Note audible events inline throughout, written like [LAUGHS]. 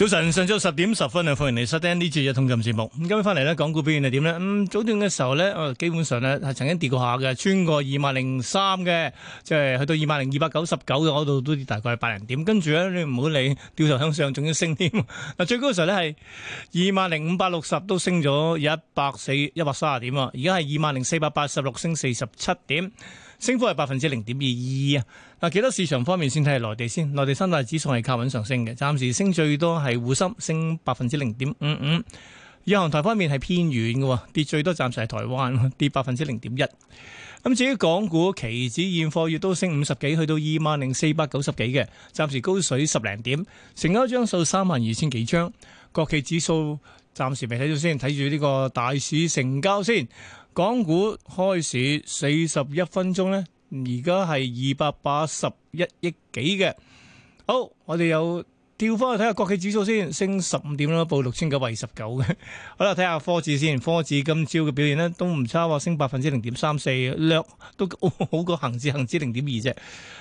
早晨，上晝十點十分啊，歡迎嚟收聽呢節嘅通訊節目。咁今日翻嚟呢港股表現係點咧？咁，嗯，早段嘅時候呢，呃，基本上咧係曾經跌過下嘅，穿過二萬零三嘅，即係去到二萬零二百九十九嗰度都大概係八零點。跟住咧，你唔好理，掉頭向上，仲要升添。嗱， [LAUGHS] 最高嘅時候呢，係二萬零五百六十，都升咗一百四一百卅點啊！而家係二萬零四百八十六，升四十七點，升幅係百分之零點二二啊！嗱，幾多市場方面先睇下內地先。內地三大指數係靠穩上升嘅，暫時升最多係滬深，升百分之零點五五。以航台方面係偏軟嘅，跌最多暫時係台灣，跌百分之零點一。咁至於港股期指現貨亦都升五十幾，去到二萬零四百九十幾嘅，暫時高水十零點，成交張數三萬二千幾張。國企指數暫時未睇到先，睇住呢個大市成交先。港股開市四十一分鐘呢。而家係二百八十一億幾嘅，好，我哋有。調翻去睇下國企指數先，升十五點啦，報六千九百二十九嘅。 [LAUGHS] 好啦，睇下科指先，科指今朝嘅表現咧都唔差喎，升百分之零點三四，4，略都好過恒指，恒指零點二啫。嗱，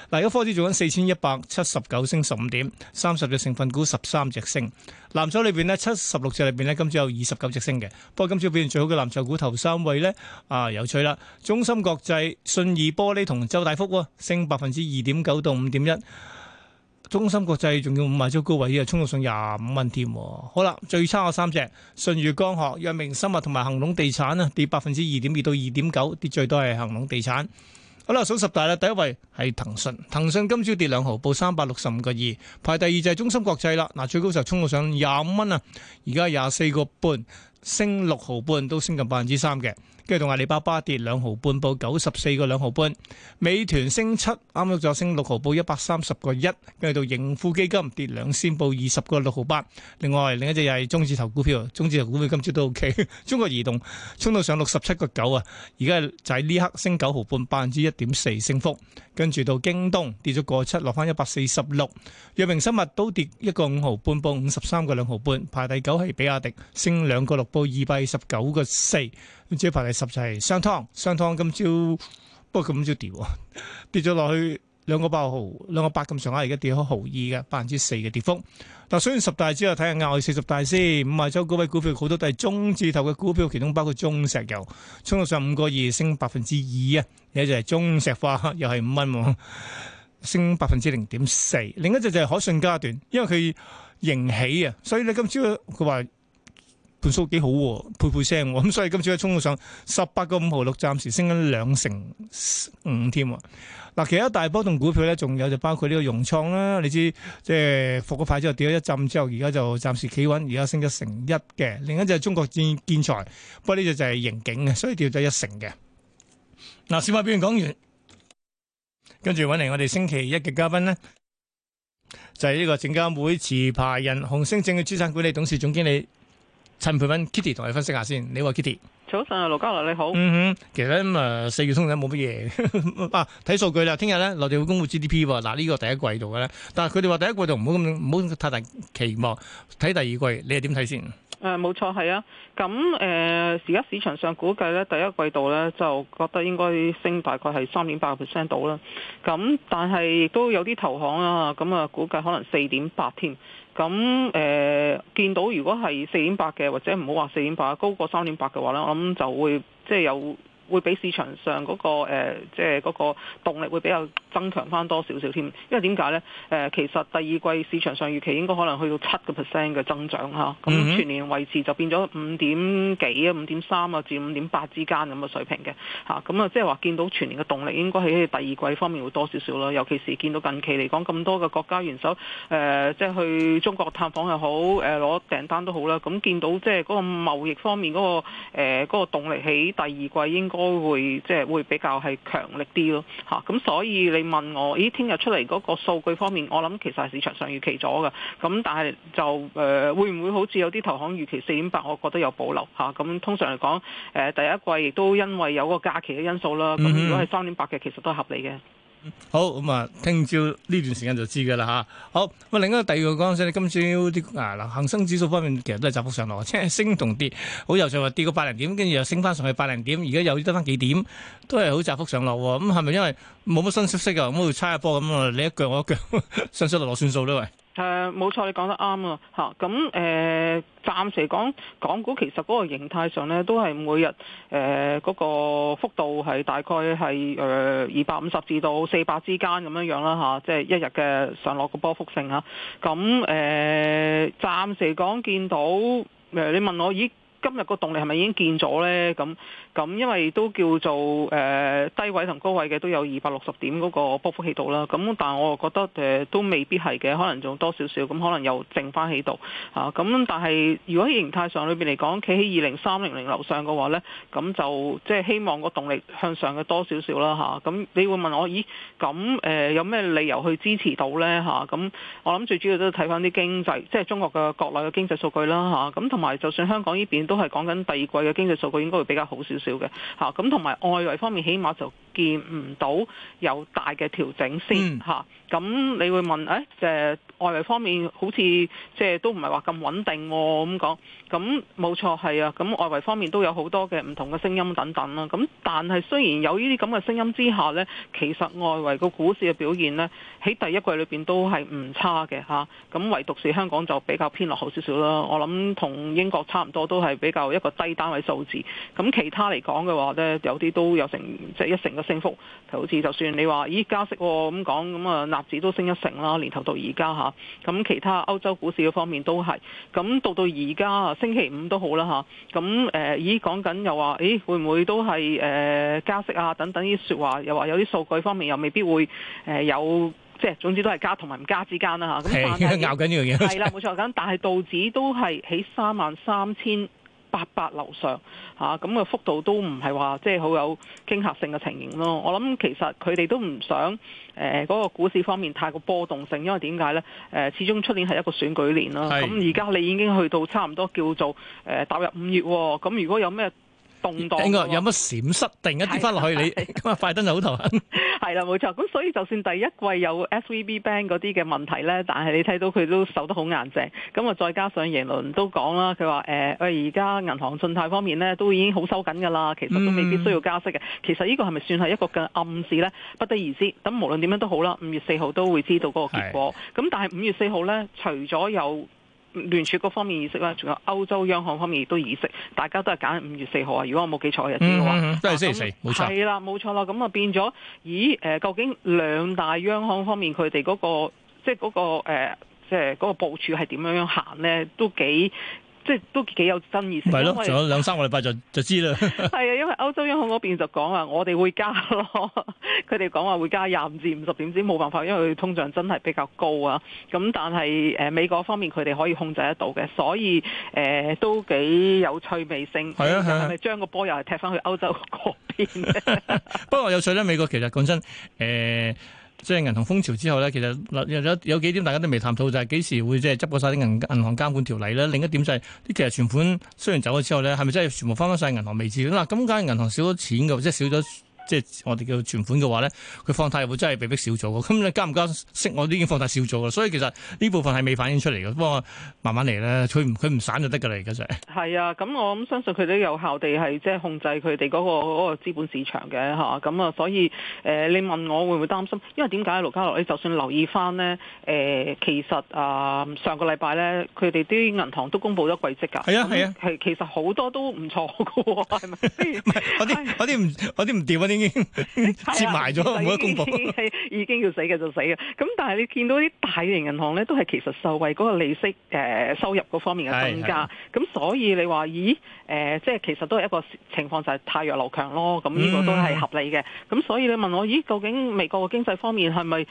而家科指做緊四千一百七十九，升十五點，三十隻成分股十三隻升，藍籌裏邊呢，七十六隻裏邊呢，今朝有二十九隻升嘅。不過今朝表現最好嘅藍籌股頭三位呢，啊有趣啦，中芯國際、信義玻璃同周大福喎，升百分之二點九到五點一。中芯國際仲要五十周高位啊，衝到上廿五蚊添。好啦，最差嘅三隻：舜宇光學、藥明生物同埋恒隆地產啊，跌百分之二點二到二點九，跌最多係恒隆地產。好啦，數十大啦，第一位係騰訊，騰訊今朝跌兩毫，報三百六十五個二。排第二就係中芯國際啦，嗱最高就衝到上廿五蚊啊，而家廿四個半，升六毫半，都升近百分之三嘅。跟住同阿里巴巴跌兩毫半，報九十四個兩毫半。美團升七，啱啱就升六毫，報一百三十個一。跟住到盈富基金跌兩仙，報二十個六毫八。另外另一隻又係中字頭股票，中字頭股票今朝都 O K。中國移動衝到上六十七個九啊，而家就喺呢刻升九毫半，百分之一點四升幅。跟住到京東跌咗個七，落翻一百四十六。藥明生物都跌一個五毫半，報五十三個兩毫半。排第九係比亞迪，升兩個六，報二百二十九個四。今朝排第十就係商湯，商湯今朝不過佢今朝跌喎，跌咗落去兩個八毫，兩個八咁上下，而家跌開毫二嘅百分之四嘅跌幅。嗱，雖然十大之後睇下亞四十大先。五分鐘嗰位股票好多都係中字頭嘅股票，其中包括中石油，衝到上五個二，升百分之二啊！有一隻係中石化，又係五蚊，升百分之零點四。另一隻就係可信階段，因為佢迎起啊，所以你今朝佢話。倍數幾好、哦，配配聲、哦，咁所以今次喺衝上十八個五毫六，暫時升緊兩成五添。嗱，其他大波動股票咧，仲有就包括呢個融創啦。你知即係復咗牌之後跌咗一浸之後，而家就暫時企穩，而家升咗成一嘅。另一隻就係中國建建材，不過呢隻就係盈警嘅，所以跌咗一成嘅。嗱、啊，市況表現講完，跟住搵嚟我哋星期一嘅嘉賓呢，就係、是、呢個證監會持牌人紅星證嘅資產管理董事總經理。陳培斌，Kitty 同你分析下先。你話 Kitty 早晨。啊，羅嘉樂你好。嗯哼，其實咧咁啊，四月通常冇乜嘢啊。睇數據啦，聽日咧內地會公佈 GDP，嗱呢個第一季度嘅咧。但係佢哋話第一季度唔好咁唔好太大期望，睇第二季，你係點睇先？誒冇、嗯、錯，係啊，咁誒而家市場上估計咧，第一季度咧就覺得應該升大概係三點八個 percent 到啦，咁、嗯、但係亦都有啲投行啊，咁、嗯、啊估計可能四點八添，咁、嗯、誒、嗯、見到如果係四點八嘅，或者唔好話四點八，高過三點八嘅話咧，我諗就會即係、就是、有。會比市場上嗰個誒，即係嗰個動力會比較增強翻多少少添，因為點解呢？誒，其實第二季市場上預期應該可能去到七個 percent 嘅增長嚇，咁全年維持就變咗五點幾啊、五點三啊至五點八之間咁嘅水平嘅嚇，咁啊即係話見到全年嘅動力應該喺第二季方面會多少少咯，尤其是見到近期嚟講咁多嘅國家元首誒，即係去中國探訪又好，誒攞訂單都好啦，咁見到即係嗰個貿易方面嗰個誒嗰個動力喺第二季應該。都會即係會比較係強力啲咯，嚇、啊、咁所以你問我，咦，聽日出嚟嗰個數據方面，我諗其實係市場上預期咗嘅，咁但係就誒、呃、會唔會好似有啲投行預期四點八，我覺得有保留嚇，咁、啊、通常嚟講誒第一季亦都因為有個假期嘅因素啦，咁如果係三點八嘅，其實都係合理嘅。好咁、嗯、啊，聽朝呢段時間就知噶啦吓。好，咁啊，另一個第二個講先，你今朝啲、這個、啊嗱，恒生指數方面其實都係窄幅上落，即、就、係、是、升同跌，好有趣。話跌個八零點，跟住又升翻上去八零點，而家又跌翻幾點，都係好窄幅上落。咁係咪因為冇乜新消息啊？咁會差一波咁啊？你一腳我一腳，新消息落算數咧，喂。誒冇、嗯、錯，你講得啱啊！嚇，咁、呃、誒暫時講港股其實嗰個形態上咧，都係每日誒嗰、呃嗰個幅度係大概係誒二百五十至到四百之間咁樣樣啦嚇，即係一日嘅上落個波幅性啊！咁誒、呃、暫時講見到誒，你問我咦？今日個動力係咪已經見咗呢？咁咁因為都叫做誒、呃、低位同高位嘅都有二百六十點嗰個波幅起度啦。咁但係我又覺得誒、呃、都未必係嘅，可能仲多少少咁，可能又剩翻起度啊。咁但係如果喺形態上裏邊嚟講，企喺二零三零零樓上嘅話呢，咁就即係希望個動力向上嘅多少少啦吓，咁、啊、你會問我，咦？咁誒有咩理由去支持到呢？啊吓，咁我諗最主要都係睇翻啲經濟，即係中國嘅國內嘅經濟數據啦吓，咁同埋就算香港呢邊。都係講緊第二季嘅經濟數據應該會比較好少少嘅吓，咁同埋外圍方面起碼就見唔到有大嘅調整先吓。咁、啊啊、你會問誒？哎外圍方面好似即係都唔係話咁穩定咁講，咁冇錯係啊，咁、啊、外圍方面都有好多嘅唔同嘅聲音等等啦、啊。咁但係雖然有呢啲咁嘅聲音之下呢，其實外圍個股市嘅表現呢，喺第一季裏邊都係唔差嘅嚇。咁、啊、唯獨是香港就比較偏落後少少啦。我諗同英國差唔多，都係比較一個低單位數字。咁、啊、其他嚟講嘅話呢，有啲都有成即係一成嘅升幅。好似就算你話咦加息咁、哦、講，咁啊納指都升一成啦，年頭到而家嚇。啊。咁其他歐洲股市嗰方面都係，咁到到而家星期五都好啦嚇，咁、啊、誒，咦講緊又話，誒會唔會都係誒、呃、加息啊等等啲説話，又話有啲數據方面又未必會誒、呃、有，即係總之都係加同埋唔加之間啦嚇。係、啊，反正而家咬緊呢樣嘢。係啦，冇錯咁，但係道指都係喺三萬三千。八八樓上嚇，咁、啊、嘅幅度都唔係話即係好有傾向性嘅情形咯。我諗其實佢哋都唔想誒嗰、呃那個股市方面太過波動性，因為點解呢？誒、呃，始終出年係一個選舉年咯。咁而家你已經去到差唔多叫做、呃、踏入五月，咁、啊、如果有咩？動盪，有乜閃失，突然間跌翻落去，你咁啊快燈就好頭痕。係啦，冇錯。咁所以就算第一季有 SVB Bank 嗰啲嘅問題咧，但係你睇到佢都受得好硬淨。咁啊，再加上耶倫都講啦，佢話誒，我而家銀行信貸方面咧都已經好收緊㗎啦。其實都未必需要加息嘅。嗯、其實呢個係咪算係一個嘅暗示咧？不得而知。咁無論點樣都好啦，五月四號都會知道嗰個結果。咁的但係五月四號咧，除咗有聯儲局方面意識啦，仲有歐洲央行方面亦都意識，大家都係揀五月四號啊！如果我冇記錯日子嘅話，嗯嗯嗯、都係星期四，冇以錯。係啦，冇錯啦，咁啊變咗，咦？誒、呃，究竟兩大央行方面佢哋嗰個，即係、那、嗰個誒、呃，即係嗰個部署係點樣樣行咧？都幾～即係都幾有爭議性。係咯，仲有兩三個禮拜就就知啦。係 [LAUGHS] 啊，因為歐洲央行嗰邊就講話，我哋會加咯。佢哋講話會加廿五至五十點止。冇辦法，因為佢通脹真係比較高啊。咁但係誒、呃、美國方面佢哋可以控制得到嘅，所以誒、呃、都幾有趣味性。係啊係啊，係咪將個波又係踢翻去歐洲嗰邊？ [LAUGHS] 不過有趣咧，美國其實講真誒。呃即係銀行風潮之後呢，其實有有有幾點大家都未談到，就係、是、幾時會即係執過晒啲銀銀行監管條例呢？另一點就係、是、啲其實存款雖然走咗之後呢，係咪真係全部翻返晒銀行未知？嗱，咁間銀行少咗錢嘅，即係少咗。即係我哋叫存款嘅話咧，佢放貸會真係被迫少咗嘅。咁你加唔加息，我都已經放貸少咗嘅。所以其實呢部分係未反映出嚟嘅。不過慢慢嚟咧，佢佢唔散就得㗎喇。而家就係係啊。咁我諗相信佢都有效地係即係控制佢哋嗰個嗰個資本市場嘅嚇。咁啊，所以誒、呃，你問我會唔會擔心？因為點解盧嘉樂你就算留意翻咧誒，其實啊、呃、上個禮拜咧，佢哋啲銀行都公布咗季績㗎。係啊係啊，係、啊啊、其實好多都唔錯嘅喎。係咪？唔係嗰啲啲唔啲唔掂啲。 [LAUGHS] 已經接埋咗，我嘅工服已經要死嘅就死嘅。咁但係你見到啲大型銀行咧，都係其實受惠嗰個利息誒、呃、收入嗰方面嘅增加。咁是是 所以你話咦誒、呃，即係其實都係一個情況就係汰弱留強咯。咁呢個都係合理嘅。咁、嗯、所以你問我咦，究竟美國嘅經濟方面係咪？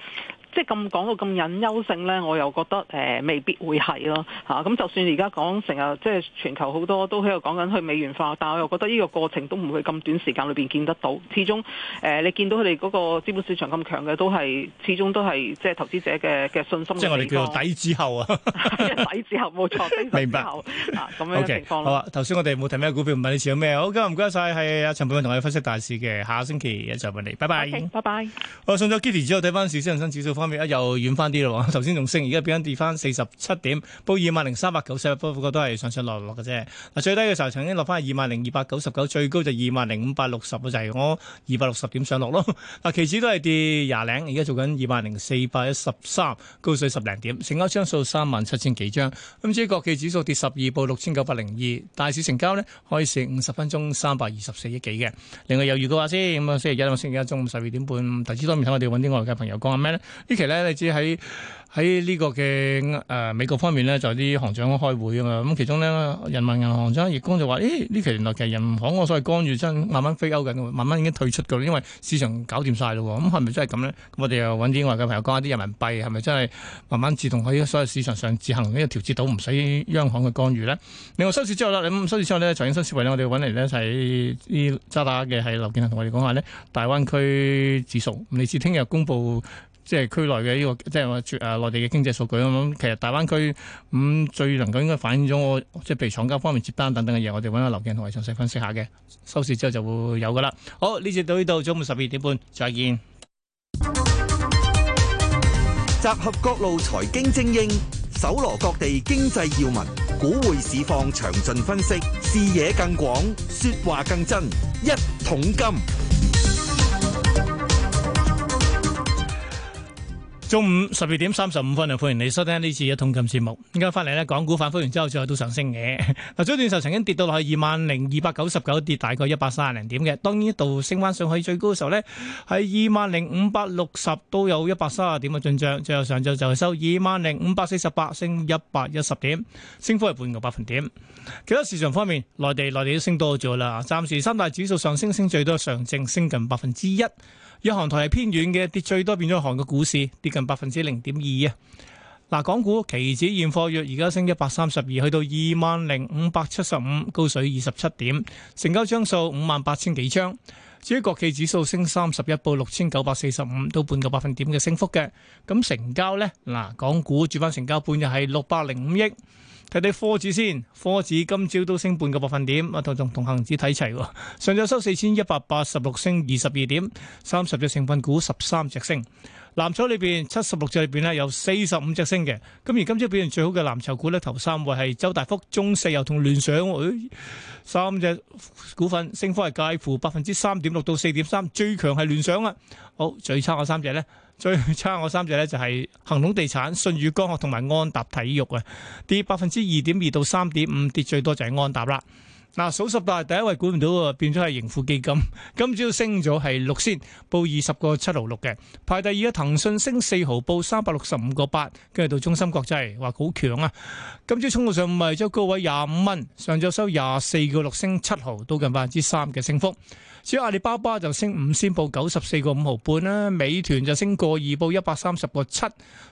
即係咁講到咁隱憂性咧，我又覺得誒、呃、未必會係咯嚇。咁就算而家講成日，即係全球好多都喺度講緊去美元化，但係我又覺得呢個過程都唔會咁短時間裏邊見得到。始終誒、呃，你見到佢哋嗰個資本市場咁強嘅，都係始終都係即係投資者嘅嘅信心即我哋叫做底之後啊 [LAUGHS] 底後，底之後冇錯，底子子之後 [LAUGHS] 明白 啊咁樣嘅情況 okay, 好，了好啊，頭先我哋冇提咩股票，唔問你持有咩。好，今日唔該晒，係阿陳佩汶同我哋分析大市嘅。下星期一再問你，拜拜，拜拜。我送咗 Kitty 之後，睇翻小新恒生指數。方面又遠翻啲咯，頭先仲升，而家變緊跌翻四十七點，報二萬零三百九十，不過不過都係上上落落嘅啫。嗱，最低嘅時候曾經落翻二萬零二百九十九，最高就二萬零五百六十啊，就係我二百六十點上落咯。嗱，期指都係跌廿零，而家做緊二萬零四百一十三，高水十零點，成交張數三萬七千幾張。咁至於國企指數跌十二，報六千九百零二。大市成交呢可以市五十分鐘三百二十四億幾嘅。另外有預告話先咁啊，星期一到星期一中午十二點半，投資多面睇，我哋揾啲外國嘅朋友講下咩呢？期呢期咧，你知喺喺呢個嘅誒、呃、美國方面咧，就有啲行長開會啊嘛。咁其中呢，人民銀行長易綱就話，咦、欸，呢期原來其實人行嘅所謂干預真係慢慢飛歐緊，慢慢已經退出噶啦，因為市場搞掂曬咯。咁係咪真係咁咧？我哋又揾啲外國朋友講下啲人民幣係咪真係慢慢自動喺所有市場上自行呢個調節到，唔使央行嘅干預咧？另外收市之後啦，咁收市之後咧，財經新思維咧，我哋揾嚟呢，一齊啲渣打嘅係劉健恆同我哋講下呢，大灣區指數，你知聽日公布。即係區內嘅呢個，即係我內地嘅經濟數據咁。其實大灣區咁、嗯、最能夠應該反映咗我，即係譬如廠家方面接單等等嘅嘢，我哋揾阿劉健同埋詳細分析下，嘅收市之後就會有噶啦。好，呢節到呢度，中午十二點半，再見。集合各路財經精英，搜羅各地經濟要聞，股匯市況詳盡分析，視野更廣，説話更真，一桶金。中午十二點三十五分，就歡迎你收聽呢次一桶金節目。而家翻嚟咧，港股反覆完之後，最後都上升嘅。嗱，早段時候曾經跌到落去二萬零二百九十九，跌大概一百三十零點嘅。當呢度升翻上去最高嘅時候咧，係二萬零五百六十，都有一百三十點嘅進賬。最後上晝就收二萬零五百四十八，升一百一十點，升幅係半個百分點。其他市場方面，內地內地都升多咗啦。暫時三大指數上升，升最多上證升近百分之一。一韓台係偏遠嘅跌最多，變咗一韓嘅股市跌近百分之零點二啊！嗱，港股期指現貨月而家升一百三十二，去到二萬零五百七十五，高水二十七點，成交張數五萬八千幾張。至於國企指數升三十一，報六千九百四十五，都半個百分點嘅升幅嘅。咁成交呢，嗱，港股主板成交半日係六百零五億。睇睇科指先，科指今朝都升半個百分點，同同同恒指睇齊喎。上晝收四千一百八十六，升二十二點，三十隻成分股十三隻升。藍籌裏邊七十六隻裏邊呢，面有四十五隻升嘅。咁而今朝表現最好嘅藍籌股呢，頭三位係周大福、中石油同聯想，哎、三隻股份升幅係介乎百分之三點六到四點三，最強係聯想啊。好，最差嘅三隻呢。最差我三隻咧就係恒隆地產、舜宇光學同埋安踏體育啊，跌百分之二點二到三點五，跌最多就係安踏啦。嗱，數十大第一位估唔到喎，變咗係盈富基金，今朝升咗係六仙，報二十個七毫六嘅。排第二嘅騰訊升四毫，報三百六十五個八，跟住到中芯國際話好強啊，今朝衝到上午維州高位廿五蚊，上晝收廿四個六，升七毫，到近百分之三嘅升幅。至於阿里巴巴就升五仙，報九十四個五毫半啦；美團就升過二，報一百三十個七。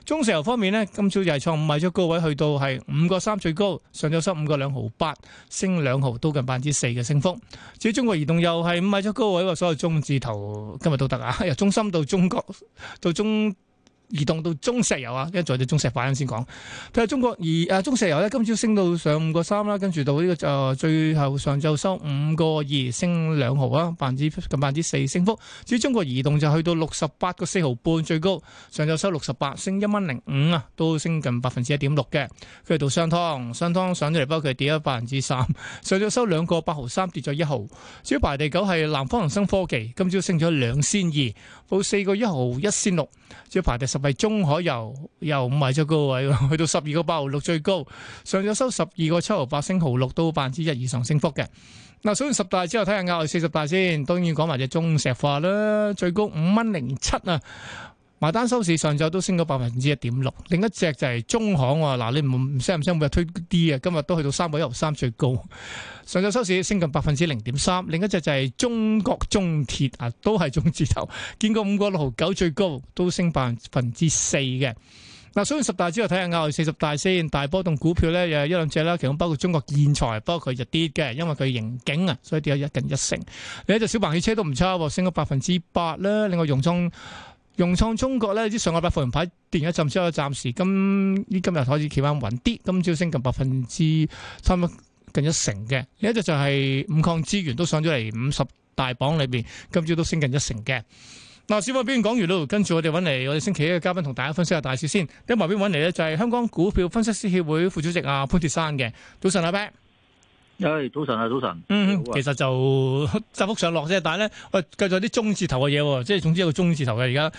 中石油方面呢，今朝就係創五米出高位，去到係五個三最高，上咗收五個兩毫八，升兩毫，都近百分之四嘅升幅。至於中國移動又係五米出高位，所有中以中字頭今日都得啊，由中心到中國到中。移動到中石油啊，跟住再睇中石化先講。睇下中國移，啊，中石油咧，今朝升到上五個三啦，跟住到呢個就最後上晝收五個二，升兩毫啊，百分之近百分之四升幅。至於中國移動就去到六十八個四毫半最高，上晝收六十八，升一蚊零五啊，都升近百分之一點六嘅。佢住到商湯，商湯上咗嚟，包括跌咗百分之三，上晝收兩個八毫三，跌咗一毫。至於排第九係南方恒生科技，今朝升咗兩仙二，報四個一毫一仙六。主要排第係中海油又賣咗高位去到十二個八毫六最高，上咗收十二個七毫八升毫六，都百分之一以上升幅嘅。嗱，數完十大之後睇下亞匯四十大先，當然講埋隻中石化啦，最高五蚊零七啊。埋單收市上晝都升咗百分之一點六，另一隻就係中行喎。嗱，你唔唔升唔升唔升每日推啲啊，今日都去到三百一十三最高。上晝收市升近百分之零點三。另一隻就係中國中鐵啊，都係中字頭，見過五個六毫九最高，都升百分之四嘅。嗱，數完十大之後睇下亞太四十大先，大波動股票咧，又有一兩隻啦，其中包括中國建材，不過佢就跌嘅，因為佢盈警啊，所以跌咗一近一成。另一隻小鵬汽車都唔差，升咗百分之八啦。另外用中融創中國咧啲上個百發財銀牌跌一陣之後，暫時今依今日開始企翻穩啲，今朝升近百分之三，差唔多近一成嘅。另一隻就係五礦資源都上咗嚟五十大榜裏邊，今朝都升近一成嘅。嗱，小費邊講完咯，跟住我哋揾嚟我哋星期一嘅嘉賓同大家分析下大市先。咁外邊揾嚟呢，就係香港股票分析師協會副主席阿、啊、潘鐵山嘅，早晨阿 Ben 哎、早晨啊，早晨！嗯、其實就窄幅 [LAUGHS] 上落啫，但係咧，喂、哎，繼續啲中字頭嘅嘢、哦，即係總之有個中字頭嘅而家，誒、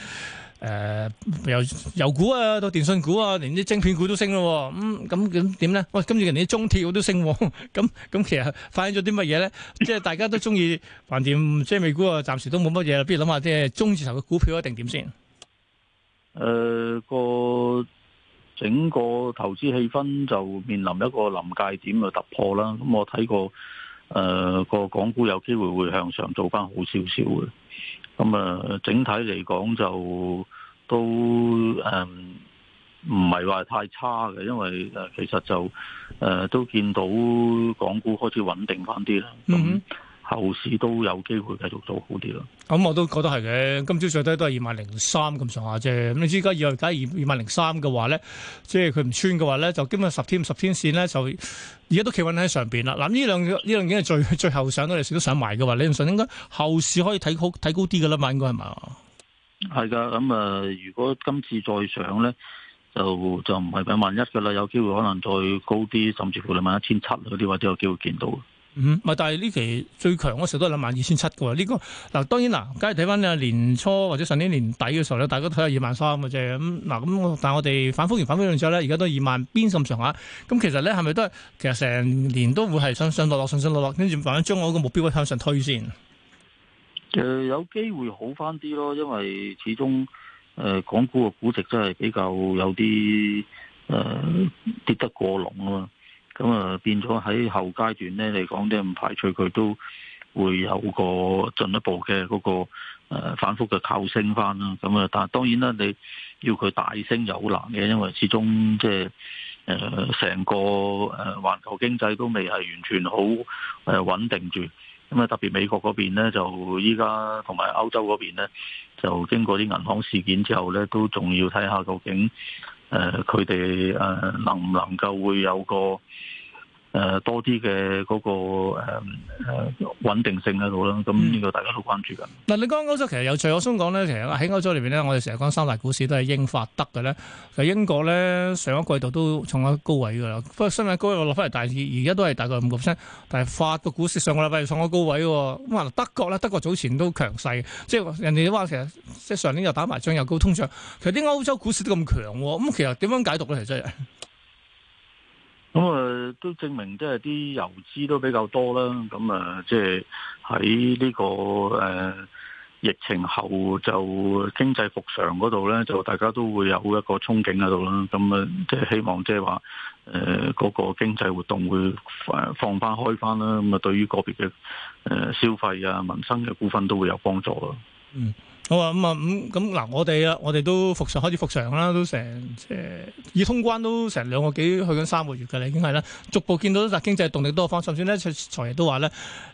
呃，由油股啊，到電信股啊，連啲證券股都升咯、哦，咁咁咁點咧？喂，今次人哋啲中鐵都升、哦，咁 [LAUGHS] 咁、嗯、其實反映咗啲乜嘢咧？即係大家都中意橫掂，即係美股啊，暫時都冇乜嘢，不如諗下即係中字頭嘅股票一定點先？誒、呃，個。整個投資氣氛就面臨一個臨界點嘅突破啦，咁我睇過誒個港股有機會會向上做翻好少少嘅。咁、嗯、啊整體嚟講就都誒唔係話太差嘅，因為誒其實就誒、呃、都見到港股開始穩定翻啲啦。嗯後市都有機會繼續做好啲咯。咁、嗯、我都覺得係嘅。今朝最低都係二萬零三咁上下啫。咁你依家二，假如二二萬零三嘅話咧，即係佢唔穿嘅話咧，就基本上十天十天線咧，就而家都企穩喺上邊啦。嗱，呢兩呢兩已經係最最後上到你時都上埋嘅話，你唔信應該後市可以睇好睇高啲嘅啦，嘛？應該係咪？係噶，咁、嗯、啊、呃，如果今次再上咧，就就唔係畀萬一噶啦，有機會可能再高啲，甚至乎兩萬一千七嗰啲話都有機會見到。嗯，咪但係呢期最強嗰時候都係兩萬二千七嘅，呢、這個嗱當然嗱，梗係睇翻啊年初或者上年年底嘅時候咧，大家都睇下二萬三嘅啫。咁嗱咁，但係我哋反覆完反覆咗之後咧，而家都二萬邊咁上下。咁其實咧係咪都係？其實成年都會係上上落落上上落落，跟住慢慢將我個目標咧向上推先。誒、呃，有機會好翻啲咯，因為始終誒、呃、港股嘅估值真係比較有啲誒、呃、跌得過籠啊嘛。咁啊，變咗喺後階段咧嚟講，都唔排除佢都會有個進一步嘅嗰、那個、呃、反覆嘅靠升翻啦。咁啊，但係當然啦，你要佢大升就好難嘅，因為始終即係誒成個誒環球經濟都未係完全好誒穩、呃、定住。咁啊，特別美國嗰邊咧，就依家同埋歐洲嗰邊咧，就經過啲銀行事件之後咧，都仲要睇下究竟誒佢哋誒能唔能夠會有個。誒、呃，多啲嘅嗰個誒誒穩定性喺度啦，咁呢個大家都關注噶。嗱、嗯，你講歐洲其實有，我想講咧，其實喺歐洲裏邊咧，我哋成日講三大股市都係英法德嘅咧。其實英國咧上一季度都創咗高位噶啦，不過新嘅高位我落翻嚟大市，而家都係大概五個 percent。但係法國股市上個禮拜創咗高位，咁啊德國咧，德國早前都強勢，即係人哋話其實即係上年又打埋仗又高通脹，其實啲歐洲股市都咁強，咁其實點樣解讀咧？其實？咁啊，都證明即係啲遊資都比較多啦。咁啊，即係喺呢個誒疫情後就經濟復常嗰度咧，就大家都會有一個憧憬喺度啦。咁啊，即係希望即係話誒嗰個經濟活動會誒放翻開翻啦。咁啊，對於個別嘅誒消費啊、民生嘅股份都會有幫助咯。嗯。好，我話咁啊，咁咁嗱，我哋啊，我哋都復常開始復常啦，都成即係已通關都成兩個幾去緊三個月㗎啦，已經係啦。逐步見到咧經濟動力多方，甚至呢，財爺都話咧，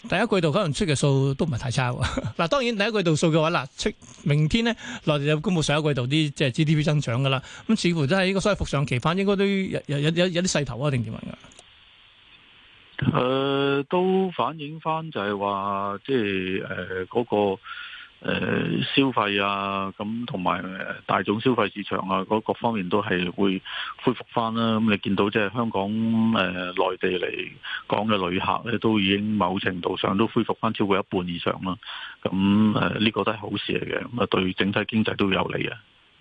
第一季度可能出嘅數都唔係太差喎。嗱，當然第一季度數嘅話嗱，出明天咧內地有公佈上一季度啲即係 GDP 增長㗎啦。咁、嗯、似乎真係應該所謂復常期翻應該都有有有有啲勢頭啊，定點樣㗎？誒、呃，都反映翻就係話即係誒嗰個。誒、呃，消費啊，咁同埋大眾消費市場啊，各方面都係會恢復翻啦。咁、嗯、你見到即係香港誒內、呃、地嚟講嘅旅客咧，都已經某程度上都恢復翻超過一半以上啦。咁誒呢個都係好事嚟嘅，咁啊對整體經濟都有利嘅、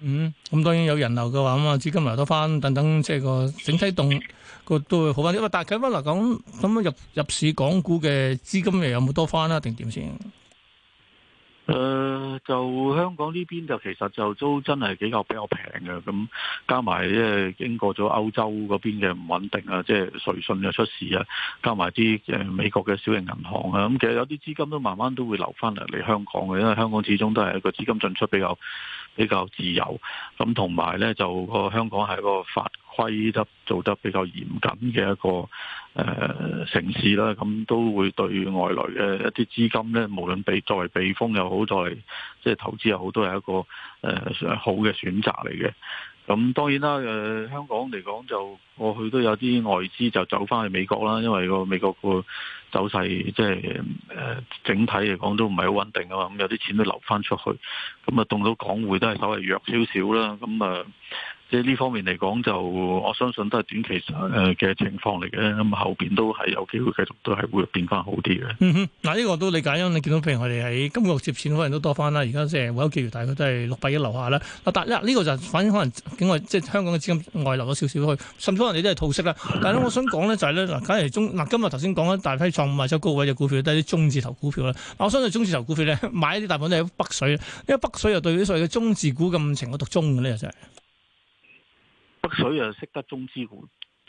嗯。嗯，咁當然有人流嘅話，咁啊資金流得翻，等等即係個整體動個都會好翻啲。喂，但係今日嚟講，咁、嗯、啊入入市港股嘅資金又有冇多翻啦？定點先？誒、呃，就香港呢邊就其實就都真係比較比較平嘅，咁加埋即係經過咗歐洲嗰邊嘅唔穩定啊，即係瑞信又出事啊，加埋啲誒美國嘅小型銀行啊，咁其實有啲資金都慢慢都會留翻嚟嚟香港嘅，因為香港始終都係一個資金進出比較。比較自由，咁同埋呢就個香港係一個法規得做得比較嚴謹嘅一個誒、呃、城市啦，咁都會對外來嘅一啲資金呢，無論俾作為避風又好，作為即係投資又好，都係一個誒、呃、好嘅選擇嚟嘅。咁當然啦，誒、呃、香港嚟講就過去都有啲外資就走翻去美國啦，因為個美國個走勢即係誒整體嚟講都唔係好穩定啊嘛，咁、嗯、有啲錢都流翻出去，咁啊動到港匯都係稍微弱少少啦，咁啊。呃呢方面嚟講，就我相信都係短期誒嘅情況嚟嘅。咁、嗯、後邊都係有機會繼續都係會變翻好啲嘅。嗱、嗯，呢、這個都理解，因為你見到譬如我哋喺今個月接錢可能都多翻啦。而家即係尾歐期月大概都係六百一樓下啦。嗱，呢、這個就反映可能境外即係香港嘅資金外流咗少少去，甚至可能你都係套息啦。但係我想講咧就係咧嗱，假如中嗱今日頭先講緊大批創五賣出高位嘅股票，都係啲中字頭股票啦。我相信中字頭股票咧買啲大盤都喺北水，因為北水又對啲所謂嘅中字股咁情愛讀中嘅呢，就係、是。所以啊，識得中資股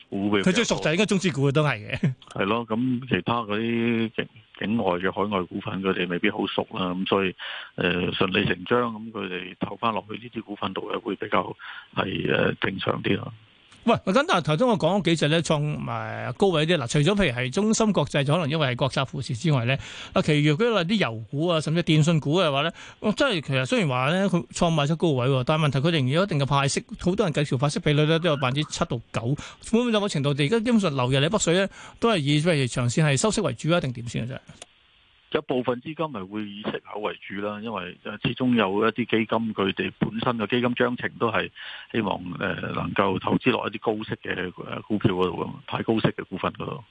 股佢最熟就係應該中資股嘅，都係嘅。係咯，咁其他嗰啲境境外嘅海外股份佢哋未必好熟啦。咁所以誒、呃、順理成章咁，佢哋投翻落去呢啲股份度嘅會比較係誒、呃、正常啲咯。喂，咁但係頭先我講嗰幾隻咧，創埋高位啲。嗱，除咗譬如係中芯國際，可能因為係國策扶持之外咧，啊，其餘如果話啲油股啊，甚至電信股嘅話咧，即係其實雖然話咧，佢創埋出高位喎，但係問題佢仍然有一定嘅派息，好多人計條派息比率咧都有百分之七到九，會唔會有個程度？我而家基本上流入你北水咧，都係以譬如長線係收息為主啊，一定點先嘅啫？有部分資金咪會以息口為主啦，因為始終有一啲基金佢哋本身嘅基金章程都係希望誒能夠投資落一啲高息嘅股票嗰度，咁啊，太高息嘅股份嗰度。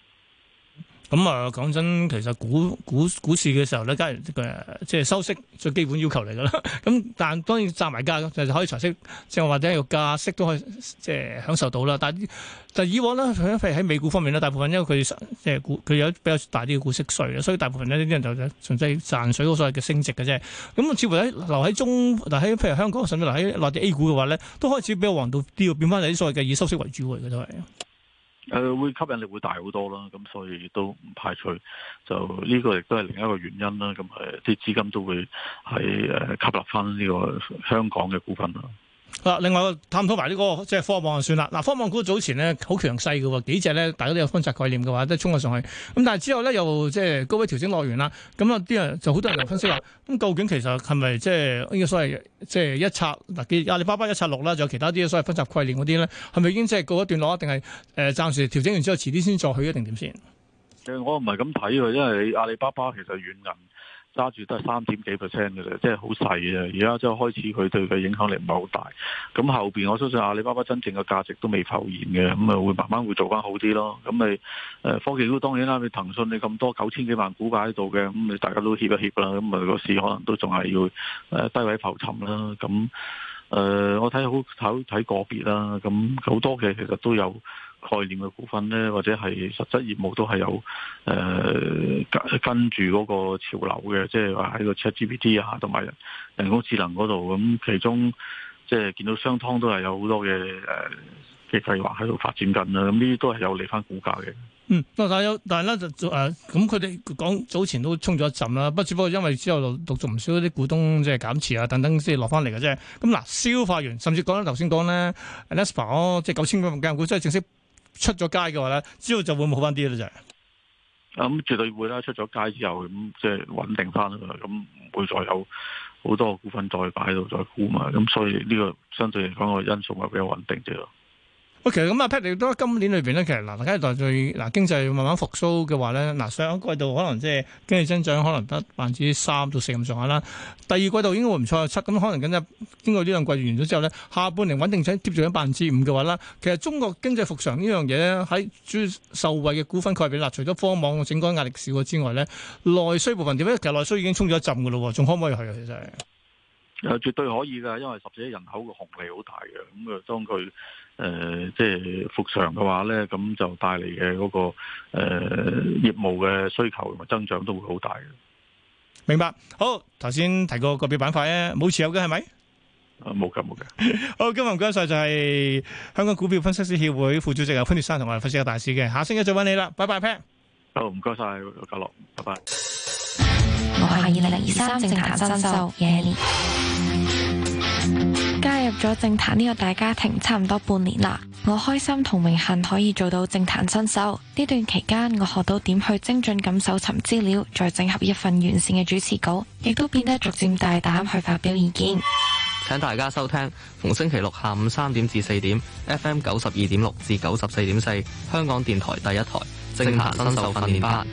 咁啊，講、嗯、真，其實股股股市嘅時候咧，梗係即係收息最基本要求嚟噶啦。咁但係當然賺埋價，就可以賺息，即係或者個價息都可以即係、嗯、享受到啦。但係以往呢，譬如喺美股方面呢，大部分因為佢即係股佢有比較大啲嘅股息稅，所以大部分呢啲人就純粹賺取嗰所謂嘅升值嘅啫。咁似乎喺留喺中，但喺譬如香港甚至留喺內地 A 股嘅話咧，都開始比較黃到啲，變翻嚟啲所謂嘅以收息為主嚟嘅都係。誒，會吸引力會大好多啦，咁所以都唔排除，就呢個亦都係另一個原因啦。咁誒，啲資金都會喺誒吸納翻呢個香港嘅股份啦。另外探討埋呢個即係科網就算啦。嗱，科網股早前呢，好強勢嘅，幾隻呢，大家都有分拆概念嘅話，都衝咗上去。咁但係之後呢，又即係高位調整落完啦。咁啊，啲人就好多人又分析話，咁究竟其實係咪即係呢個所謂即係一拆嗱？阿里巴巴一拆六啦，仲有其他啲所謂分拆概念嗰啲呢？係咪已經即係告一段落，定係誒暫時調整完之後，遲啲先再去，一定點先？我唔係咁睇喎，因為阿里巴巴其實軟銀。揸住都係三點幾 percent 嘅咧，即係好細啊！而家即係開始佢對佢影響力唔係好大。咁後邊我相信阿里巴巴真正嘅價值都未浮現嘅，咁啊會慢慢會做翻好啲咯。咁咪、呃、科技股當然啦，你騰訊你咁多九千幾萬股擺喺度嘅，咁你大家都協一協啦，咁啊個市可能都仲係要誒低位浮沉啦。咁。誒、呃，我睇好睇睇個別啦，咁好多嘅其實都有概念嘅股份咧，或者係實質業務都係有誒、呃、跟跟住嗰個潮流嘅，即係話喺個 ChatGPT 啊，同埋人工智能嗰度咁，其中即係見到商湯都係有好多嘅誒。呃嘅計劃喺度發展緊啦，咁呢啲都係有利翻股價嘅。嗯，但係有，但係咧就誒，咁佢哋講早前都衝咗一陣啦，不只不過因為之後陸續唔少啲股東即係減持啊等等先落翻嚟嘅啫。咁嗱、嗯，消化完，甚至講頭先講咧，LSPR 即係九千幾蚊嘅股，即係正式出咗街嘅話咧，之後就會冇好翻啲咯，就係、嗯。咁絕對會啦，出咗街之後咁、嗯、即係穩定翻啦，咁、嗯、唔會再有好多股份再擺喺度再沽嘛。咁、嗯、所以呢、呢個相對嚟講個因素係比較穩定啲咯。其實咁啊 Patrick 都今年裏邊咧，其實嗱，大家對最嗱經濟慢慢復甦嘅話咧，嗱上一季度可能即係經濟增長可能得百分之三到四咁上下啦。第二季度應該會唔錯七，咁可能緊接經過呢兩季完咗之後咧，下半年穩定緊貼住喺百分之五嘅話啦。其實中國經濟復常呢樣嘢咧，喺最受惠嘅股份概別嗱，除咗科網整改壓力少咗之外咧，內需部分點咧？其實內需已經衝咗一陣噶啦，仲可唔可以去啊？其實？誒，絕對可以㗎，因為十四億人口嘅紅利好大嘅，咁啊將佢。誒、呃，即係復常嘅話咧，咁就帶嚟嘅嗰個誒、呃、業務嘅需求同埋增長都會好大嘅。明白。好，頭先提過個別板塊咧，冇持有嘅係咪？冇噶，冇噶、啊。好，今日唔該晒，就係香港股票分析師協會副主席阿潘烈生同我哋分析下大師嘅。下星期再揾你啦、哦，拜拜。Pat，好，唔該晒，家樂，拜拜。我係二零零二三正談新秀野入咗政壇呢個大家庭差唔多半年啦，我開心同榮幸可以做到政壇新秀。呢段期間，我學到點去精準咁搜尋資料，再整合一份完善嘅主持稿，亦都變得逐漸大膽去發表意見。請大家收聽，逢星期六下午三點至四點，FM 九十二點六至九十四點四，香港電台第一台政壇新秀訓練班，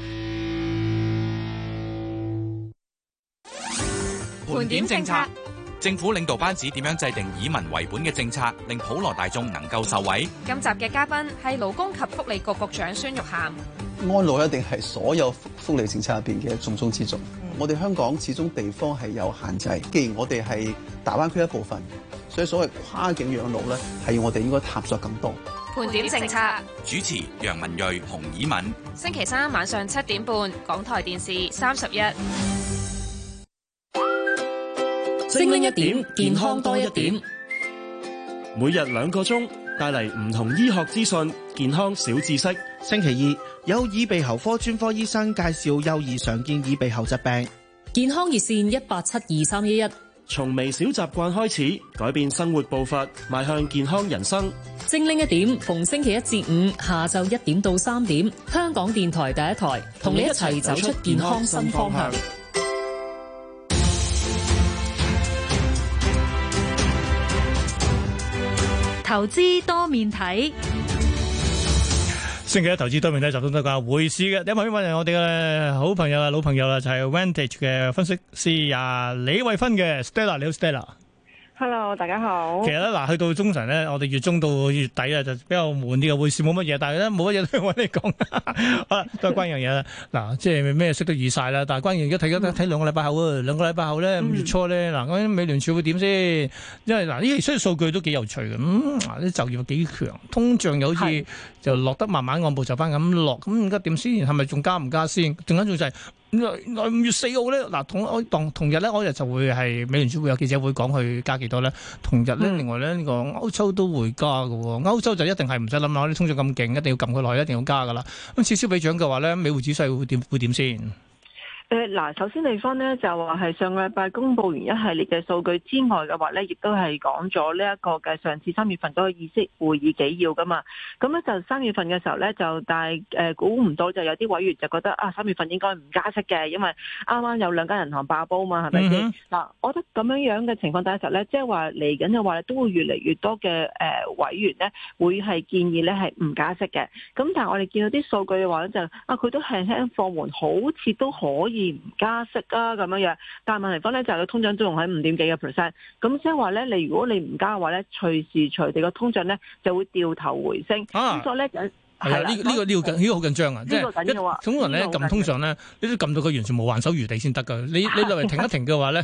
盤點政策。政府領導班子點樣制定以民為本嘅政策，令普羅大眾能夠受惠？今集嘅嘉賓係勞工及福利局局長孫玉菡。安老一定係所有福利政策入邊嘅重中之重。嗯、我哋香港始終地方係有限制，既然我哋係大灣區一部分，所以所謂跨境養老咧，係我哋應該探索更多。盤點政策，主持楊文鋭、洪以敏。星期三晚上七點半，港台電視三十一。精靈一點，健康多一點。每日兩個鐘，帶嚟唔同醫學資訊、健康小知識。星期二有耳鼻喉科專科醫生介紹幼兒常見耳鼻喉疾病。健康熱線一八七二三一一。從微小習慣開始，改變生活步伐，邁向健康人生。精靈一點，逢星期一至五下晝一點到三點，香港電台第一台，同你一齊走出健康新方向。投資多面睇，星期一投資多面睇集中多噶回事嘅，第一位嘉賓係我哋嘅好朋友啦、老朋友啦，就係、是、Vantage 嘅分析師啊李慧芬嘅 Stella，你好 Stella。hello，大家好。其實咧，嗱，去到中旬咧，我哋月中到月底啊，就比較悶啲嘅，會事冇乜嘢。但係咧，冇乜嘢都要揾你講，都 [LAUGHS] 係關於一樣嘢啦。嗱，即係咩識得預晒啦。但係關鍵而家睇緊，睇兩個禮拜後啊，兩個禮拜後咧，五月初咧，嗱，咁美聯儲會點先？因為嗱，依啲雖然數據都幾有趣嘅，咁、嗯、啲就業幾強，通脹又好似。就落得慢慢按步就翻咁落，咁而家點先？係咪仲加唔加先？仲有一就係、是、五月四號咧，嗱同同，同日咧，我日就會係美聯儲會有記者會講佢加幾多咧。同日咧，另外咧呢、這個歐洲都會加嘅、哦，歐洲就一定係唔使諗啦，啲通脹咁勁，一定要撳佢落，去，一定要加噶啦。咁次消費者嘅話咧，美匯指數會點會點先？誒嗱，首先地方咧就話係上禮拜公佈完一系列嘅數據之外嘅話咧，亦都係講咗呢一個嘅上次三月份嗰個議息會議紀要噶嘛。咁咧就三月份嘅時候咧就但係誒、呃、估唔到就有啲委員就覺得啊三月份應該唔加息嘅，因為啱啱有兩間銀行爆煲嘛，係咪先？嗱、mm hmm. 啊，我覺得咁樣樣嘅情況底下時候咧，即係話嚟緊嘅話都會越嚟越多嘅誒、呃、委員咧會係建議咧係唔加息嘅。咁但係我哋見到啲數據嘅話咧就啊佢都輕輕放緩，好似都可以。唔加息啊咁樣樣，但係問題方咧就係個通脹作用喺五點幾嘅 percent，咁即係話咧，你如果你唔加嘅話咧，隨時隨地個通脹咧就會掉頭回升。咁所以咧就係啦，呢個呢個呢個好緊張啊，即係通常咧撳通脹咧，你都撳到佢完全冇還手餘地先得噶，你你認為停一停嘅話咧，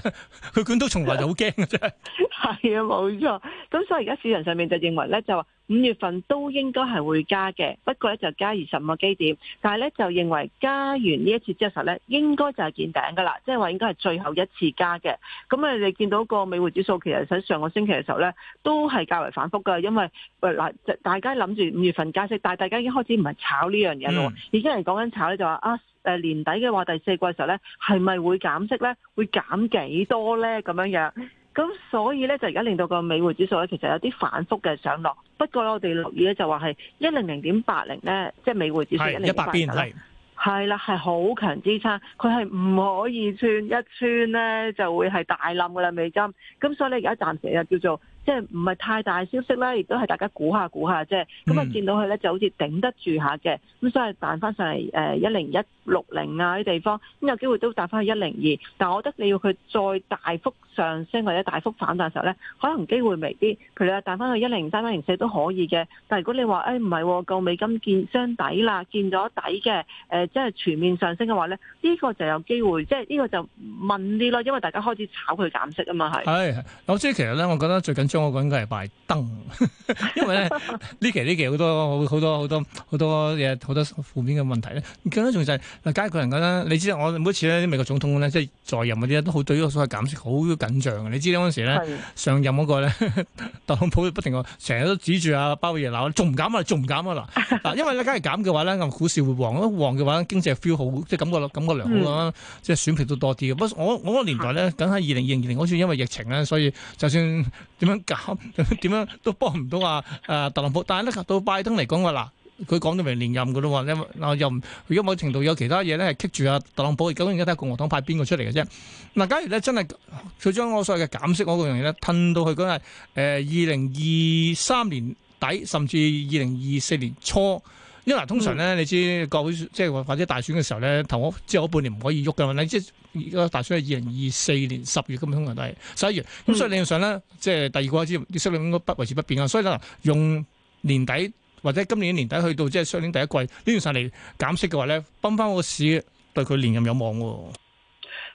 佢捲土重來就好驚嘅啫，係啊冇錯，咁所以而家市場上面就認為咧就話。五月份都應該係會加嘅，不過咧就加二十五個基點。但係咧就認為加完呢一次之後時候咧，應該就係見頂噶啦，即係話應該係最後一次加嘅。咁、嗯、啊，你哋見到個美匯指數其實喺上個星期嘅時候咧，都係較為反覆噶。因為嗱，大家諗住五月份加息，但係大家已經開始唔係炒呢樣嘢咯，已經係講緊炒咧，就話啊誒年底嘅話第四季嘅時候咧，係咪會減息咧？會減幾多咧？咁樣樣。咁所以咧，就而家令到個美匯指數咧，其實有啲反覆嘅上落。不過呢我哋留意咧，就話係一零零點八零咧，即係美匯指數一零零點八零，係啦，係好強支撐，佢係唔可以穿一穿咧，就會係大冧噶啦，美金。咁所以咧，而家暫時就叫做。即係唔係太大消息啦，亦都係大家估下估下即係，咁啊、嗯、見到佢咧就好似頂得住下嘅，咁、嗯、所以彈翻上嚟誒一零一六零啊啲地方，咁有機會都彈翻去一零二。但我覺得你要佢再大幅上升或者大幅反彈嘅時候咧，可能機會微啲。佢啊彈翻去一零三、一零四都可以嘅。但係如果你話誒唔係夠美金見相抵啦，見咗底嘅誒、呃，即係全面上升嘅話咧，呢、呢個就有機會，即係呢個就問啲咯，因為大家開始炒佢減息啊嘛，係。係，即係其實咧，我覺得最緊我講緊係拜登， [LAUGHS] 因為咧呢 [LAUGHS] 期呢期好多好多好多好多嘢，好多負面嘅問題咧。更加重就係嗱，加一個人啦，你知我每次咧啲美國總統咧，即係在任嗰啲咧都好對呢個所謂減息好緊張嘅。你知嗰陣時咧是上任嗰個咧 [LAUGHS] 特朗普不停話，成日都指住啊，鮑爾爺鬧，仲唔減啊？仲唔減啊？嗱嗱，因為咧，梗係減嘅話咧，咁股市會旺，咁旺嘅話，經濟 feel 好，即係感覺感覺良好咯，即係、嗯、選票都多啲嘅。不過我我嗰個年代咧，梗係二零二零二零，好似因為疫情咧，所以就算點樣搞點 [LAUGHS] 樣都幫唔到啊！誒、呃，特朗普，但係咧到拜登嚟講話嗱，佢講到明連任嘅啦喎，嗱、呃、又唔如果某程度有其他嘢咧係棘住啊特朗普，而家都而家睇共和黨派邊個出嚟嘅啫。嗱、啊，假如咧真係佢將我所謂嘅減息嗰個嘢咧，褪到去咁係誒二零二三年底，甚至二零二四年初。因為通常咧，嗯、你知國會即係或者大選嘅時候咧，頭我之後半年唔可以喐嘅嘛。你即係而家大選係二零二四年十月，月，根本通常都係十一月。咁所以理論、嗯、上咧，即係第二個話知啲息率應該不維持不變啊。所以嗱，用年底或者今年年底去到即係上年第一季，呢段上嚟減息嘅話咧，崩翻個市對佢連任有望喎。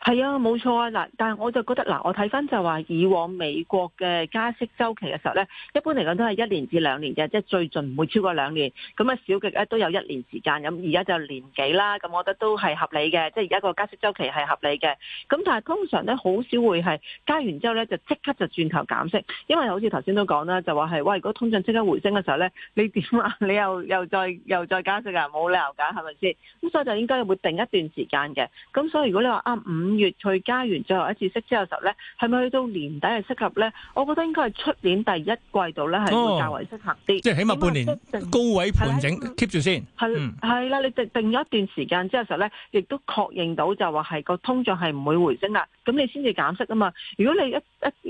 係啊，冇錯啊！嗱，但係我就覺得嗱，我睇翻就話以往美國嘅加息周期嘅時候咧，一般嚟講都係一年至兩年嘅，即係最近唔會超過兩年。咁啊，少極咧都有一年時間。咁而家就年幾啦。咁我覺得都係合理嘅，即係而家個加息周期係合理嘅。咁但係通常咧好少會係加完之後咧就即刻就轉頭減息，因為好似頭先都講啦，就話係喂，如果通脹即刻回升嘅時候咧，你點啊？你又又再又再加息啊？冇理由㗎，係咪先？咁所以就應該會定一段時間嘅。咁所以如果你話啱五。啊嗯五月佢加完最後一次息之後嘅時候咧，係咪去到年底係適合咧？我覺得應該係出年第一季度咧係會較為適合啲，哦。即係起碼半年高位盤整，keep 住先。係係啦，你定定咗一段時間之後嘅時候咧，亦都確認到就話係個通脹係唔會回升啊。咁你先至減息啊嘛。如果你一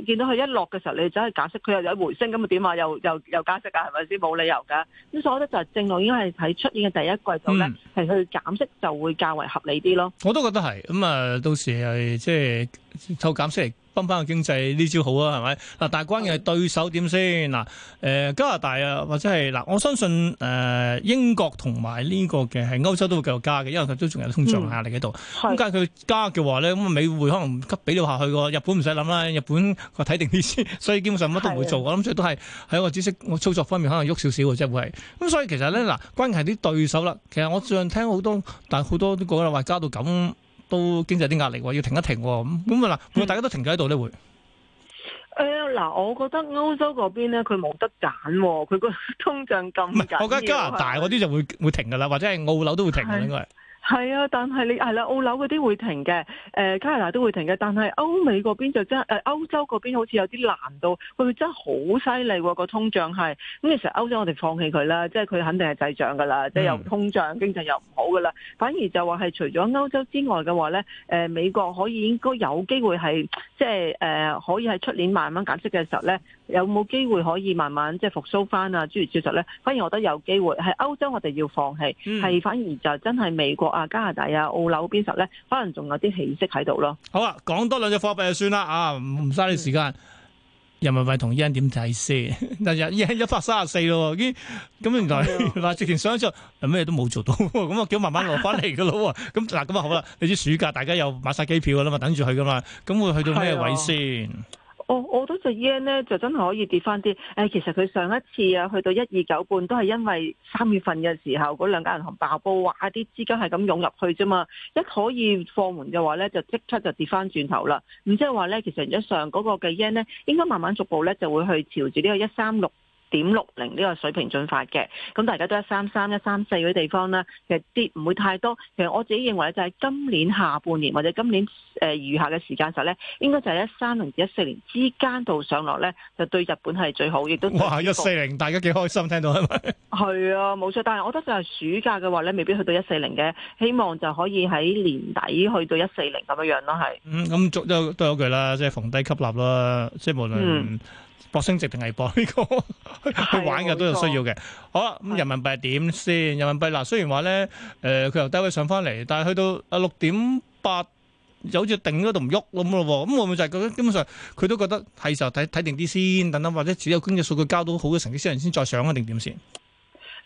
一見到佢一落嘅時候，你走去減息，佢又有回升咁，咪點啊？又又又加息啊？係咪先？冇理由㗎。咁所以咧就正路，應該係喺出年嘅第一季度咧，係、嗯、去減息就會較為合理啲咯。我都覺得係咁啊，到，嗯，時。嗯嗯嗯係即係湊減先嚟崩翻個經濟呢招好啊，係咪嗱？但係關鍵係對手點先嗱？誒、呃，加拿大啊，或者係嗱、呃，我相信誒、呃，英國同埋呢個嘅係歐洲都會繼續加嘅，因為佢都仲有通脹壓力喺度。咁、嗯、但係佢加嘅話咧，咁美匯可能給俾到下去個。日本唔使諗啦，日本佢睇定啲先，所以基本上乜都唔會做。的我諗最多都係喺個知識我操作方面可能喐少少嘅，即係會係。咁、嗯、所以其實咧嗱，關鍵係啲對手啦。其實我最近聽好多，但係好多啲國家話加到咁。都經濟啲壓力喎，要停一停喎，咁咁啊嗱，咁、嗯嗯、大家都停咗喺度咧會。誒啊嗱，我覺得歐洲嗰邊咧，佢冇得揀喎，佢個通脹咁緊要啊。我覺得加拿大嗰啲就會會停噶啦，的或者係澳洲都會停嘅，應該係。係啊，但係你係啦、啊，澳紐嗰啲會停嘅，誒加拿大都會停嘅，但係歐美嗰邊就真係、呃、歐洲嗰邊好似有啲難度，佢真係好犀利喎個通脹係，咁其實歐洲我哋放棄佢啦，即係佢肯定係滯脹㗎啦，即係又通脹經濟又唔好㗎啦，反而就話係除咗歐洲之外嘅話咧，誒、呃、美國可以應該有機會係即係誒、呃、可以喺出年慢慢減息嘅時候咧，有冇機會可以慢慢即係復甦返啊？諸如此實咧，反而我覺得有機會係歐洲我哋要放棄，係反而就真係美國、啊加拿大啊，澳紐邊頭咧，可能仲有啲氣息喺度咯。好啊，講多兩隻貨幣就算啦啊，唔唔嘥你時間、嗯 [LAUGHS] 嗯。人民幣同日圓點睇先？嗱、啊，日的、啊、一百三十四咯，咦咁原來嗱，直情想咗想，又咩都冇做到，咁我叫慢慢落翻嚟噶啦。咁、啊、嗱，咁啊，啊好啦，你知暑假大家又買晒機票噶啦嘛，等住去噶嘛，咁、啊、會去到咩位先？Oh, 我我都就 yen 咧就真係可以跌翻啲，誒、哎、其實佢上一次啊去到一二九半都係因為三月份嘅時候嗰兩間銀行爆煲，話啲資金係咁湧入去啫嘛，一可以放緩嘅話呢就即刻就跌翻轉頭啦，咁即係話呢，其實一上嗰個嘅 yen 咧應該慢慢逐步呢就會去朝住呢個一三六。點六零呢個水平進發嘅，咁大家都一三三、一三四嗰啲地方咧，其實跌唔會太多。其實我自己認為就係今年下半年或者今年誒餘下嘅時間實咧，應該就係一三零至一四年之間度上落咧，就對日本係最好，亦都。哇！一四零，大家幾開心，聽到係咪？係啊，冇錯。但係我覺得就係暑假嘅話咧，未必去到一四零嘅，希望就可以喺年底去到一四零咁樣樣咯。係。嗯，咁都有句啦，即係逢低吸納啦，即係無論。博升值定係博呢 [LAUGHS] 個去玩嘅都有需要嘅。好啦，咁人民幣係點先？是人民幣嗱、啊，雖然話咧，誒、呃，佢由低位上翻嚟，但係去到啊六點八，就好似定嗰度唔喐咁咯。咁會唔會就係覺得，基本上佢都覺得係時候睇睇定啲先，等等或者只有經濟數據交到好嘅成績先，人先再上啊定點先？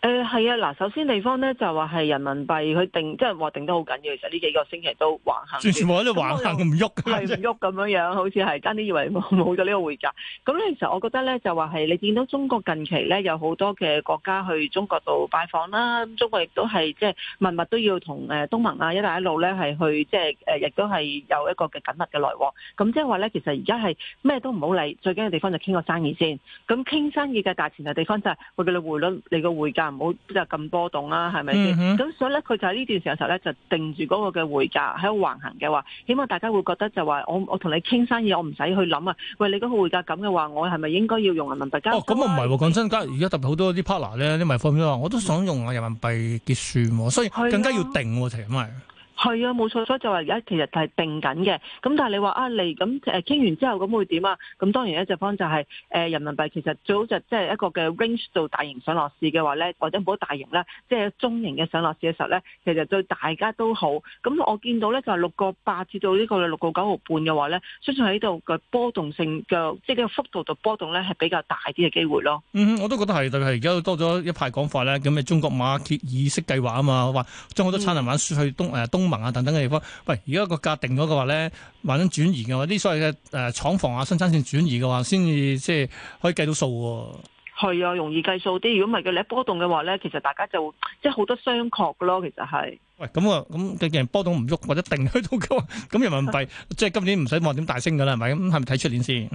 誒係啊，嗱，首先地方咧就話係人民幣，佢定即係話定得好緊要。其實呢幾個星期都橫行，完全冇得啲橫行咁喐，係唔喐咁樣樣，好似係爭啲以為冇咗呢個匯價。咁咧其實我覺得咧就話係你見到中國近期咧有好多嘅國家去中國度拜訪啦，中國亦都係即係密密都要同誒東盟啊、一帶一路咧係去即係誒，亦都係有一個嘅緊密嘅來往。咁即係話咧，其實而家係咩都唔好理，最緊要地方就傾個生意先。咁傾生意嘅價錢嘅地方就係我叫你匯率，你個匯價。唔好就咁波動啦，係咪先？咁、嗯、哼所以咧，佢就喺呢段時候時候咧，就定住嗰個嘅匯價喺度橫行嘅話，希望大家會覺得就話我我同你傾生意，我唔使去諗啊。喂，你嗰個匯價咁嘅話，我係咪應該要用人民幣結算？哦，咁啊唔係喎，講真而家特別好多啲 partner 咧，啲外貨咁啊，我都想用啊人民幣結算喎，所以更加要定喎，其實就係咁嚟。係、就是、啊，冇錯，所以就話而家其實係定緊嘅。咁但係你話啊嚟咁誒傾完之後咁會點啊？咁當然一就方就係誒人民幣其實最好，就即係一個嘅 range 做大型上落市嘅話咧，或者唔好大型啦，即、就、係、是、中型嘅上落市嘅時候咧，其實對大家都好。咁我見到咧就係六個八至到呢個六個九毫半嘅話咧，相信喺度嘅波動性嘅即係個幅度度波動咧係比較大啲嘅機會咯、嗯。我都覺得係，特別係而家多咗一派講法咧，咁嘅中國馬歇爾式計劃啊嘛，話將好多產能玩輸、嗯、去東誒東。呃啊等等嘅地方，喂，如果個價定咗嘅話咧，或者轉移嘅話，啲所謂嘅誒廠房啊生產線轉移嘅話，先至即係可以計到數。係啊，容易計數啲。如果唔係嘅你一波動嘅話咧，其實大家就即係好多商榷咯。其實係喂，咁啊，咁既然波動唔喐或者定喺度高，咁 [LAUGHS] 人民幣幣 [LAUGHS] 即係今年唔使望點大升噶啦，係咪咁？係咪睇出年先？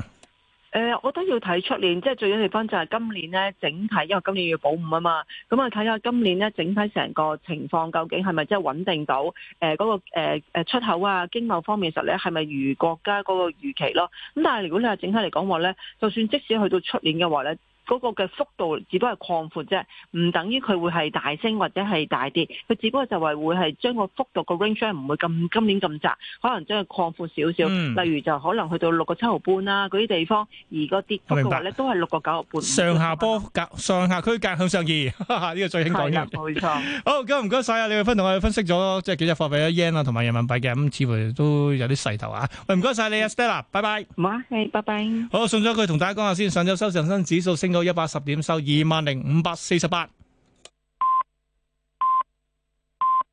誒、呃，我覺得要睇出年，即係最緊要地方就係今年咧，整體，因為今年要保五啊嘛，咁啊睇下今年咧整體成個情況究竟係咪真係穩定到？誒、呃，嗰、那個誒誒、呃、出口啊，經貿方面嘅實咧係咪如國家嗰個預期咯？咁但係如果你話整體嚟講話咧，就算即使去到出年嘅話咧。嗰個嘅幅度只不過係擴闊啫，唔等於佢會係大升或者係大跌，佢只不過就係會係將個幅度個 range 唔會咁今年咁窄，可能將佢擴闊少少。例如就可能去到六個七毫半啦嗰啲地方，而個跌嗰個話咧都係六個九毫半，上下波隔上下區隔向上移，呢個最興講嘅。冇錯。好，咁唔該曬啊，李慧芬同我哋分析咗即係幾隻貨幣啊 yen 啊同埋人民幣嘅，咁似乎都有啲勢頭啊。喂，唔該曬你啊，Stella，拜拜。冇啊，係，拜拜。好，送咗佢同大家講下先，上週收上身指數升咗。一百八十點收二萬零五百四十八。